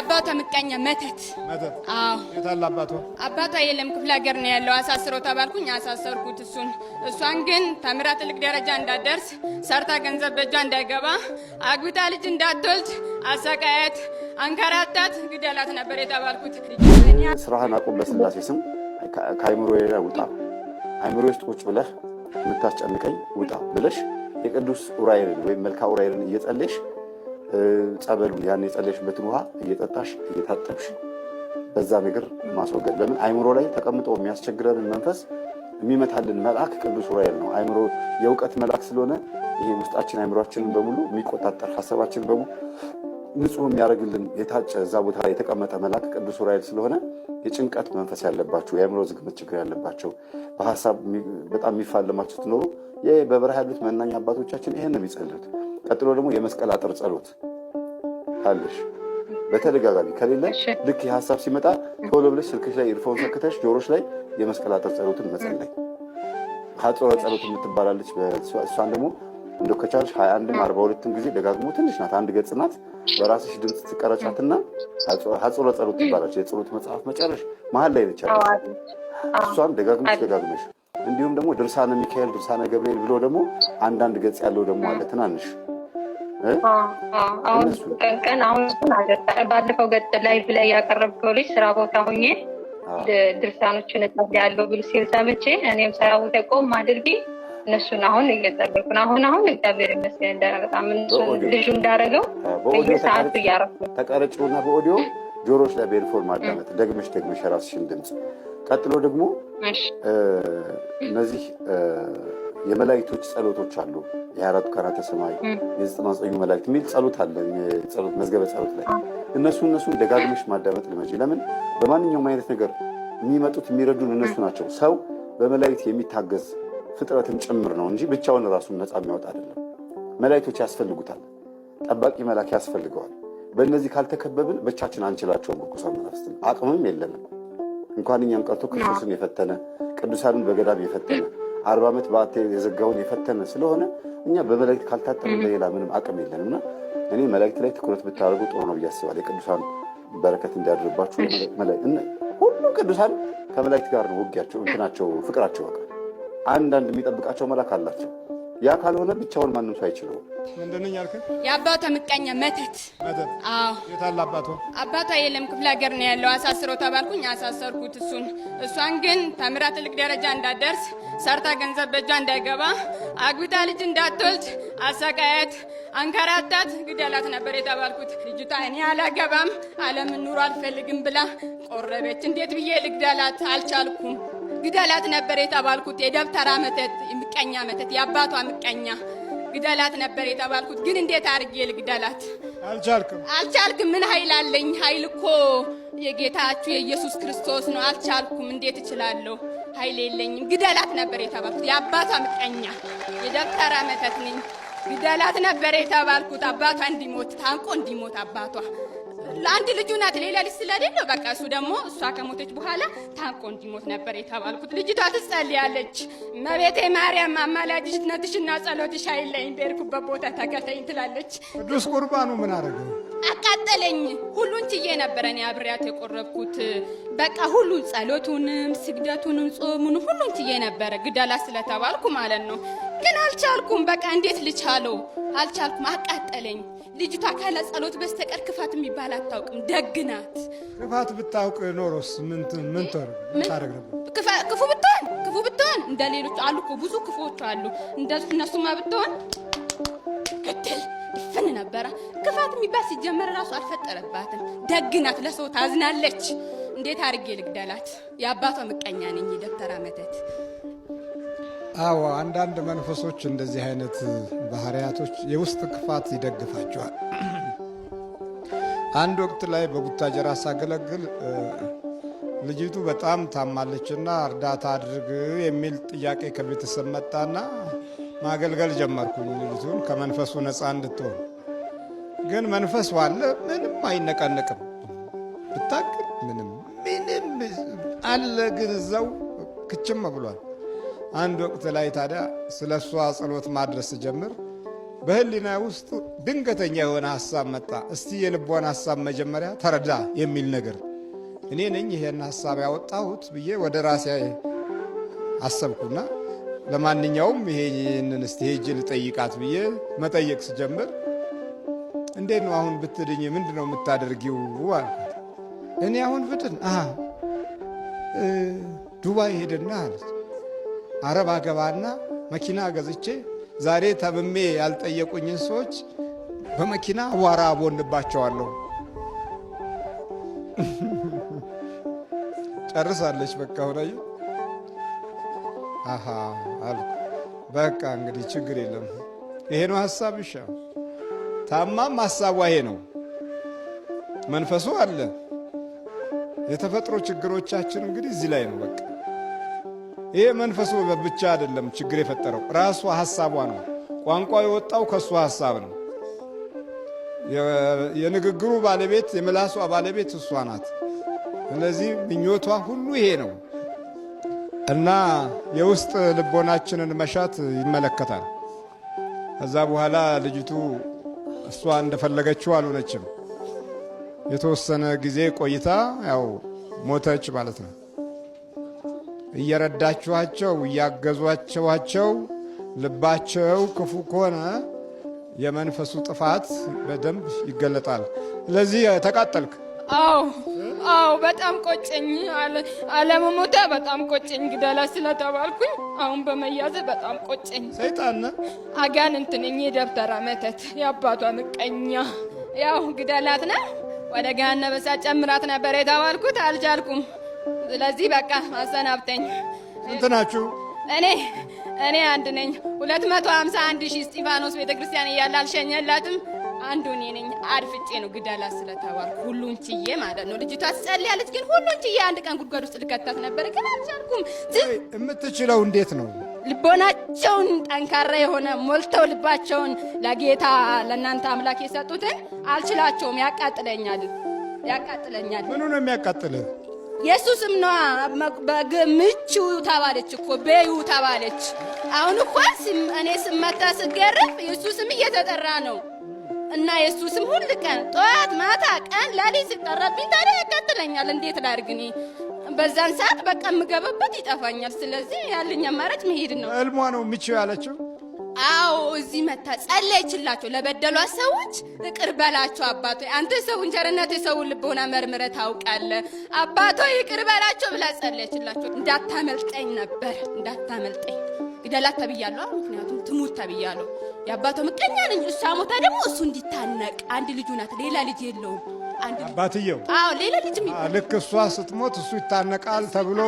አባቷ ምቀኛ መተት መተት። አዎ የታለ አባቷ? አባቷ የለም ክፍለ ሀገር ነው ያለው። አሳስረው ተባልኩኝ፣ አሳሰርኩት እሱን። እሷን ግን ተምራ ትልቅ ደረጃ እንዳደርስ ሰርታ ገንዘብ በእጇ እንዳይገባ አግብታ ልጅ እንዳትወልድ አሰቃያት፣ አንከራታት፣ ግደላት ነበር የተባልኩት። ስራህን አቁም፣ በስላሴ ስም ከአይምሮ ሌላ ውጣ፣ አይምሮ ውስጥ ቁጭ ብለህ የምታስጨንቀኝ ውጣ ብለሽ የቅዱስ ኡራኤልን ወይም መልካ ኡራኤልን እየጸለሽ ጸበሉ ያን የጸለሽበትን ውሃ እየጠጣሽ እየታጠብሽ በዛ ምግር ማስወገድ። ለምን አይምሮ ላይ ተቀምጦ የሚያስቸግረንን መንፈስ የሚመታልን መልአክ ቅዱስ ዑራኤል ነው። አይምሮ የእውቀት መልአክ ስለሆነ ይሄ ውስጣችን አይምሯችንን በሙሉ የሚቆጣጠር ሀሳባችን በሙሉ ንጹህ የሚያደርግልን የታጨ እዛ ቦታ ላይ የተቀመጠ መልአክ ቅዱስ ዑራኤል ስለሆነ የጭንቀት መንፈስ ያለባቸው የአእምሮ ዝግመት ችግር ያለባቸው በሀሳብ በጣም የሚፋለማቸው ትኖሩ በበረሃ ያሉት መናኛ አባቶቻችን ይህን ነው የሚጸልዩት። ቀጥሎ ደግሞ የመስቀል አጥር ጸሎት አለሽ በተደጋጋሚ ከሌለ ልክ የሀሳብ ሲመጣ ቶሎ ብለሽ ስልክሽ ላይ ኢርፎን ሰክተሽ ጆሮች ላይ የመስቀል አጥር ጸሎትን መጸለይ። ሀጥሮ ጸሎት የምትባላለች እሷን ደግሞ እንደ ከቻልሽ ሀያ አንድም አርባ ሁለትም ጊዜ ደጋግሞ ትንሽ ናት፣ አንድ ገጽ ናት። በራስሽ ድምፅ ትቀረጫትና ሀጽሎ ጸሎት ትባላለች። የጸሎት መጽሐፍ መጨረሽ መሀል ላይ ነች። እሷን ደጋግመሽ ደጋግመሽ እንዲሁም ደግሞ ድርሳነ ሚካኤል፣ ድርሳነ ገብርኤል ብሎ ደግሞ አንዳንድ ገጽ ያለው ደግሞ አለ ትናንሽ ቀን አሁን ባለፈው ገጽ ላይ ላይ ያቀረብከው ልጅ ስራ ቦታ ሆኜ ድርሳኖችን ያለው ብሎ ሲል ሰምቼ እኔም ስራ ቦታ ቆም አድርጌ እነሱን አሁን እየጠበቁ ነው። አሁን አሁን እግዚአብሔር ይመስገን በጣም ልጁ እንዳደረገው በየሰዓቱ እያረፍ ተቀረጭና በኦዲዮ ጆሮች ላይ በኤርፎን ማዳመጥ ደግመሽ ደግመሽ የራስሽን ድምፅ ቀጥሎ ደግሞ እነዚህ የመላእክቶች ጸሎቶች አሉ። የአራቱ ካራተ ሰማይ፣ የዘጠና ዘጠኙ መላእክት የሚል ጸሎት አለ ጸሎት መዝገበ ጸሎት ላይ እነሱ እነሱን ደጋግመሽ ማዳመጥ ልመጂ። ለምን በማንኛውም አይነት ነገር የሚመጡት የሚረዱን እነሱ ናቸው። ሰው በመላእክት የሚታገዝ ፍጥረትም ጭምር ነው እንጂ ብቻውን ራሱን ነፃ የሚያወጣ አይደለም። መላእክቶች ያስፈልጉታል። ጠባቂ መላክ ያስፈልገዋል። በእነዚህ ካልተከበብን ብቻችን አንችላቸውም። ርኩሳን መናፍስትን አቅምም የለንም። እንኳን እኛን ቀርቶ ክርስቶስን የፈተነ ቅዱሳንን በገዳም የፈተነ አርባ ዓመት በዓት የዘጋውን የፈተነ ስለሆነ እኛ በመላእክት ካልታጠመ በሌላ ምንም አቅም የለን እና እኔ መላእክት ላይ ትኩረት ብታደርጉ ጥሩ ነው ብዬ አስባለሁ። የቅዱሳን በረከት እንዲያድርባችሁ። ሁሉም ቅዱሳን ከመላእክት ጋር ነው ውጊያቸው፣ እንትናቸው፣ ፍቅራቸው በቃ አንዳንድ የሚጠብቃቸው መላክ አላቸው። ያ ካልሆነ ብቻውን ማንም ሰው አይችለው። ምንድነኝ ያልክ? የአባቷ ምቀኛ መተት መተት። አዎ። የታለ አባቷ? አባቷ የለም ክፍለ ሀገር ነው ያለው። አሳስሮ ተባልኩኝ፣ አሳሰርኩት እሱን። እሷን ግን ተምራ ትልቅ ደረጃ እንዳደርስ ሰርታ ገንዘብ በእጇ እንዳይገባ አግብታ ልጅ እንዳትወልድ አሰቃየት፣ አንከራታት፣ ግደላት ነበር የተባልኩት። ልጅቷ እኔ አላገባም አለምን ኑሮ አልፈልግም ብላ ቆረቤች። እንዴት ብዬ ልግደላት? አልቻልኩም። ግደላት ነበር የተባልኩት የደብተራ መተት ምቀኛ መተት የአባቷ ምቀኛ ግደላት ነበር የተባልኩት። ግን እንዴት አርጌ ልግደላት? አልቻልክም አልቻልክም። ምን ኃይል አለኝ? ኃይል እኮ የጌታችሁ የኢየሱስ ክርስቶስ ነው። አልቻልኩም። እንዴት እችላለሁ? ኃይል የለኝም። ግደላት ነበር የተባልኩት። የአባቷ ምቀኛ የደብተራ መተት ነኝ። ግደላት ነበር የተባልኩት አባቷ እንዲሞት ታንቆ እንዲሞት አባቷ ለአንድ ልጁ ናት፣ ሌላ ልጅ ስለሌለው በቃ እሱ ደግሞ እሷ ከሞተች በኋላ ታንቆ እንዲሞት ነበር የተባልኩት። ልጅቷ ትጸልያለች። መቤቴ ማርያም አማላጅሽ ነትሽና ጸሎትሽ አይለኝ፣ በሄድኩበት ቦታ ተከተኝ ትላለች። ቅዱስ ቁርባኑ ምን አደረገ? አቃጠለኝ። ሁሉን ችዬ ነበረ እኔ አብሬያት የቆረብኩት። በቃ ሁሉን ጸሎቱንም፣ ስግደቱንም፣ ጾሙን ሁሉን ችዬ ነበረ ግደላ ስለተባልኩ ማለት ነው። ግን አልቻልኩም። በቃ እንዴት ልቻለው? አልቻልኩም። አቃጠለኝ። ልጅቷ ካለ ጸሎት በስተቀር ክፋት የሚባል አታውቅም። ደግ ናት። ክፋት ብታውቅ ኖሮስ ምን ነበር? ክፉ ብትሆን ክፉ ብትሆን እንደ ሌሎች አሉ እኮ ብዙ ክፉዎች አሉ። እነሱማ ብትሆን ክትል ድፍን ነበረ። ክፋት የሚባል ሲጀመር እራሱ አልፈጠረባትም። ደግ ናት። ለሰው ታዝናለች። እንዴት አድርጌ ልግደላት? የአባቷ ምቀኛ ነኝ። የደብተራ መተት አዎ አንዳንድ መንፈሶች እንደዚህ አይነት ባህሪያቶች የውስጥ ክፋት ይደግፋቸዋል። አንድ ወቅት ላይ በቡታጀራ ሳገለግል ልጅቱ በጣም ታማለችና እርዳታ አድርግ የሚል ጥያቄ ከቤተሰብ መጣና ማገልገል ጀመርኩኝ። ልጅቱን ከመንፈሱ ነፃ እንድትሆን ግን መንፈስ ዋለ ምንም አይነቀነቅም። ብታቅ ምንም ምንም አለ ግን እዛው ክችም ብሏል። አንድ ወቅት ላይ ታዲያ ስለ እሷ ጸሎት ማድረስ ስጀምር በህሊና ውስጥ ድንገተኛ የሆነ ሀሳብ መጣ። እስቲ የልቧን ሀሳብ መጀመሪያ ተረዳ የሚል ነገር እኔ ነኝ ይሄን ሀሳብ ያወጣሁት ብዬ ወደ ራሴ አሰብኩና ለማንኛውም ይሄንን እስቲ ሄጅ ልጠይቃት ብዬ መጠየቅ ስጀምር እንዴት ነው አሁን ብትድኝ ምንድን ነው የምታደርጊው? አልኳት። እኔ አሁን ብድን ዱባይ ሄድና አለች አረብ አገባና መኪና ገዝቼ ዛሬ ተምሜ ያልጠየቁኝን ሰዎች በመኪና አቧራ አቦንባቸዋለሁ። ጨርሳለች። በቃ ሁናዩ አሀ አልኩ። በቃ እንግዲህ ችግር የለም። ይሄ ነው ሀሳብ። ይሻ ታማም ሀሳቧ ይሄ ነው። መንፈሱ አለ። የተፈጥሮ ችግሮቻችን እንግዲህ እዚህ ላይ ነው በቃ ይሄ መንፈሱ ብቻ አይደለም ችግር የፈጠረው ራሷ ሐሳቧ ነው። ቋንቋ የወጣው ከእሷ ሐሳብ ነው። የንግግሩ ባለቤት የምላሷ ባለቤት እሷ ናት። ስለዚህ ምኞቷ ሁሉ ይሄ ነው እና የውስጥ ልቦናችንን መሻት ይመለከታል። ከዛ በኋላ ልጅቱ እሷ እንደፈለገችው አልሆነችም። የተወሰነ ጊዜ ቆይታ ያው ሞተች ማለት ነው። እየረዳችኋቸው እያገዟቸዋቸው ልባቸው ክፉ ከሆነ የመንፈሱ ጥፋት በደንብ ይገለጣል። ስለዚህ ተቃጠልክ። አዎ አዎ፣ በጣም ቆጨኝ። አለመሞቴ በጣም ቆጨኝ። ግደላ ስለተባልኩኝ አሁን በመያዘ በጣም ቆጨኝ። ሰይጣን አጋንንት ነኝ። የደብተራ መተት፣ የአባቷ ምቀኛ። ያው ግደላት ነ ወደ ገሃነመ እሳት ጨምራት ነበር የተባልኩት አልቻልኩም። ስለዚህ በቃ አሰናብተኝ። ስንት ናችሁ? እኔ እኔ አንድ ነኝ። ሁለት መቶ ሀምሳ አንድ ሺህ እስጢፋኖስ ቤተ ክርስቲያን እያለ አልሸኘላትም። አንዱ እኔ ነኝ። አድፍጬ ነው ግዳላ ስለተባልኩ ሁሉን ችዬ ማለት ነው። ልጅቷ ትጸልያለች፣ ግን ሁሉን ችዬ አንድ ቀን ጉድጓድ ውስጥ ልከታት ነበረ፣ ግን አልቻልኩም። የምትችለው እንዴት ነው? ልቦናቸውን ጠንካራ የሆነ ሞልተው ልባቸውን ለጌታ ለእናንተ አምላክ የሰጡትን አልችላቸውም። ያቃጥለኛል፣ ያቃጥለኛል። ምኑ ነው የሚያቃጥልህ? ኢየሱስም ነዋ ምቹ ተባለች እኮ በዩ ተባለች። አሁን እኮ እኔ ስመታ ስገረፍ ኢየሱስም እየተጠራ ነው እና ኢየሱስም ሁል ቀን ጠዋት፣ ማታ፣ ቀን፣ ሌሊት ሲጠራብኝ ታዲያ ያቃጥለኛል። እንዴት ላድርግኒ? በዛን ሰዓት በቃ የምገባበት ይጠፋኛል። ስለዚህ ያለኝ አማራጭ መሄድ ነው። እልሟ ነው ምቹ ያለችው አዎ እዚህ መታ ጸለየችላቸው። ለበደሏት ሰዎች ይቅር በላቸው አባቶ፣ አንተ የሰውን ሰው የሰውን ልቦና መርምረህ ታውቃለ አባቶ ይቅር በላቸው ብላ ጸለየችላቸው። እንዳታመልጠኝ ነበር እንዳታመልጠኝ፣ ግደላት ተብያለሁ። ምክንያቱም ትሙት ተብያለሁ። የአባቶ ምቀኛ ነኝ። እሷ ሞታ ደግሞ እሱ እንዲታነቅ አንድ ልጁ ናት፣ ሌላ ልጅ የለውም። አባትየው አዎ ሌላ ልጅ ልክ እሷ ስትሞት እሱ ይታነቃል ተብሎ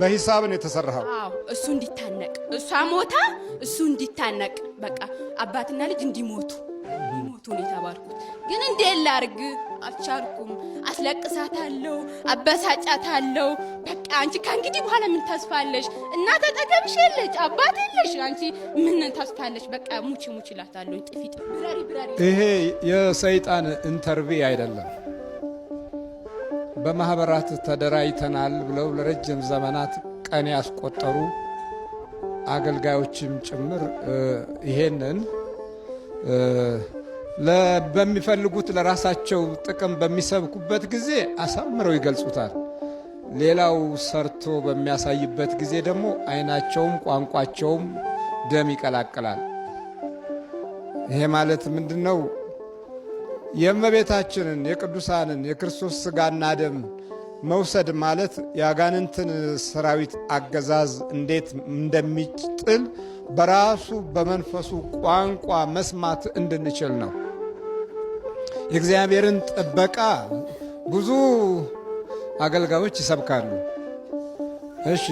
በሂሳብ ነው የተሰራው። እሱ እንዲታነቅ እሷ ሞታ እሱ እንዲታነቅ በቃ አባትና ልጅ እንዲሞቱ ሞቱ ነው የተባልኩት። ግን እንዴ ላርግ አልቻልኩም። አስለቅሳታለሁ፣ አበሳጫታለሁ። በቃ አንቺ ከእንግዲህ በኋላ ምን ታስፋለሽ እና አጠገብሽ የለች፣ አባት የለሽ። አንቺ ምን ተስፋለሽ? በቃ ሙች ሙች እላታለሁ። ጥፊ ብራሪ ብራሪ። ይሄ የሰይጣን ኢንተርቪው አይደለም። በማኅበራት ተደራጅተናል ብለው ለረጅም ዘመናት ቀን ያስቆጠሩ አገልጋዮችም ጭምር ይሄንን በሚፈልጉት ለራሳቸው ጥቅም በሚሰብኩበት ጊዜ አሳምረው ይገልጹታል። ሌላው ሰርቶ በሚያሳይበት ጊዜ ደግሞ አይናቸውም ቋንቋቸውም ደም ይቀላቅላል። ይሄ ማለት ምንድን ነው? የእመቤታችንን የቅዱሳንን የክርስቶስ ስጋና ደም መውሰድ ማለት የአጋንንትን ሰራዊት አገዛዝ እንዴት እንደሚጥል በራሱ በመንፈሱ ቋንቋ መስማት እንድንችል ነው። የእግዚአብሔርን ጥበቃ ብዙ አገልጋዮች ይሰብካሉ። እሺ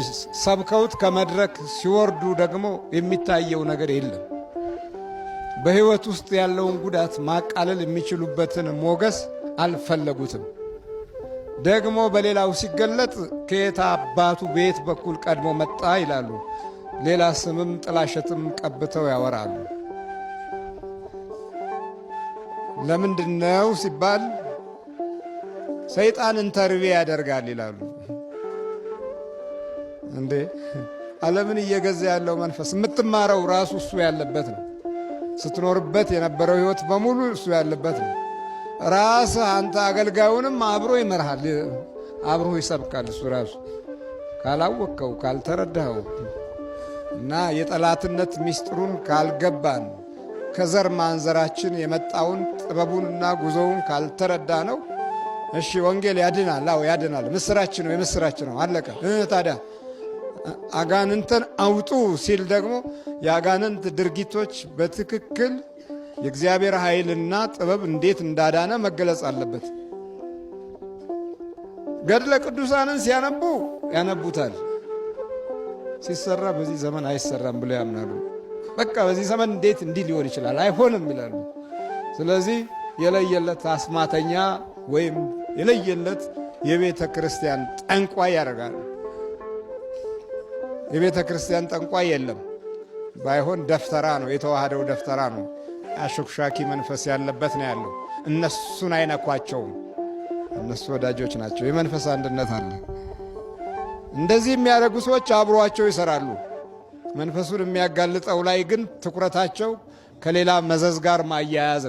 ሰብከውት ከመድረክ ሲወርዱ ደግሞ የሚታየው ነገር የለም። በሕይወት ውስጥ ያለውን ጉዳት ማቃለል የሚችሉበትን ሞገስ አልፈለጉትም። ደግሞ በሌላው ሲገለጥ ከየት አባቱ ቤት በኩል ቀድሞ መጣ ይላሉ። ሌላ ስምም ጥላሸትም ቀብተው ያወራሉ። ለምንድነው ሲባል ሰይጣን ኢንተርቪ ያደርጋል ይላሉ። እንዴ ዓለምን እየገዛ ያለው መንፈስ የምትማረው ራሱ እሱ ያለበት ነው። ስትኖርበት የነበረው ህይወት በሙሉ እሱ ያለበት ነው። ራስ አንተ አገልጋዩንም አብሮ ይመርሃል፣ አብሮ ይሰብካል። እሱ ራሱ ካላወቅከው ካልተረዳኸው እና የጠላትነት ምስጢሩን ካልገባን ከዘር ማንዘራችን የመጣውን ጥበቡንና ጉዞውን ካልተረዳ ነው። እሺ ወንጌል ያድናል። አዎ ያድናል። ምስራች ነው፣ የምስራች ነው። አለቀ ታዲያ አጋንንትን አውጡ ሲል ደግሞ የአጋንንት ድርጊቶች በትክክል የእግዚአብሔር ኃይልና ጥበብ እንዴት እንዳዳነ መገለጽ አለበት። ገድለ ቅዱሳንን ሲያነቡ ያነቡታል። ሲሰራ በዚህ ዘመን አይሰራም ብለው ያምናሉ። በቃ በዚህ ዘመን እንዴት እንዲህ ሊሆን ይችላል? አይሆንም ይላሉ። ስለዚህ የለየለት አስማተኛ ወይም የለየለት የቤተ ክርስቲያን ጠንቋይ ያደርጋል። የቤተ ክርስቲያን ጠንቋይ የለም። ባይሆን ደፍተራ ነው፣ የተዋህደው ደፍተራ ነው። አሹክሻኪ መንፈስ ያለበት ነው ያለው። እነሱን አይነኳቸውም። እነሱ ወዳጆች ናቸው። የመንፈስ አንድነት አለ። እንደዚህ የሚያደርጉ ሰዎች አብሯቸው ይሰራሉ። መንፈሱን የሚያጋልጠው ላይ ግን ትኩረታቸው ከሌላ መዘዝ ጋር ማያያዝ